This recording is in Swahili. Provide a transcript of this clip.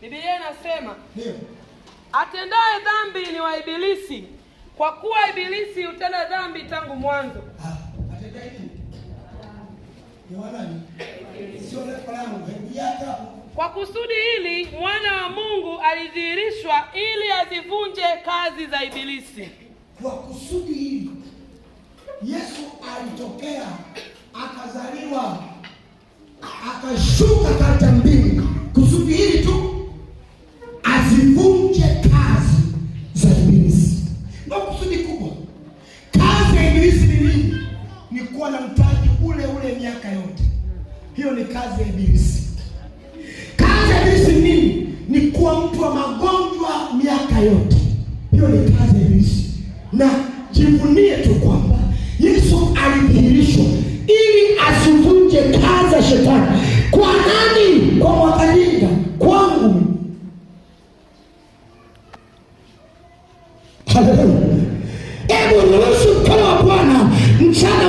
Biblia inasema atendaye dhambi ni wa Ibilisi, kwa kuwa Ibilisi hutenda dhambi tangu mwanzo. Ah, kwa kusudi hili mwana wa Mungu alidhihirishwa ili azivunje kazi za Ibilisi. Kwa kusudi hili Yesu alitokea, akazaliwa, akashuka katika mbingu Pili ni kuwa na mtaji ule ule miaka yote. Hiyo ni kazi ya ibilisi. Kazi ya ibilisi nini? Ni kuwa mtu wa magonjwa miaka yote. Hiyo ni kazi ya ibilisi, na jivunie tu kwamba Yesu alidhihirishwa ili asivunje kazi ya shetani. Kwa nani? Kwa mwakajinga, kwangu. Haleluya! Shut